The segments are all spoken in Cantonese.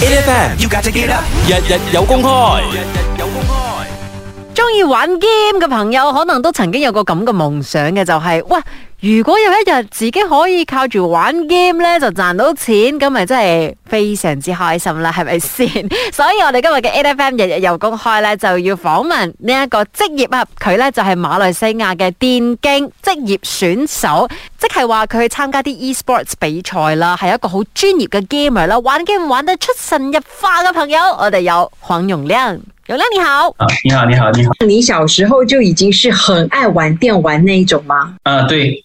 Elefant, up, 日日有公開，日日有公開。中意玩 game 嘅朋友，可能都曾經有個咁嘅夢想嘅，就係、是，哇！如果有一日自己可以靠住玩 game 咧，就賺到錢，咁咪真係非常之開心啦，係咪先？ 所以我哋今日嘅 A. F. M. 日日又公開咧，就要訪問呢一個職業啊，佢咧就係馬來西亞嘅電競職業選手，即係話佢去參加啲 e-sports 比賽啦，係一個好專業嘅 gamer 啦，玩 game 玩得出神入化嘅朋友。我哋有黃永量，永量你好，啊你好你好你好，你小時候就已經是很愛玩電玩那一種嗎？啊、uh, 對。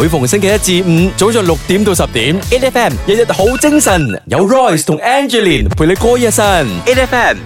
每逢星期一至五，早上六點到十點，A F M 日日好精神，有 Royce 同 Angelina 陪你過一晨，A F M。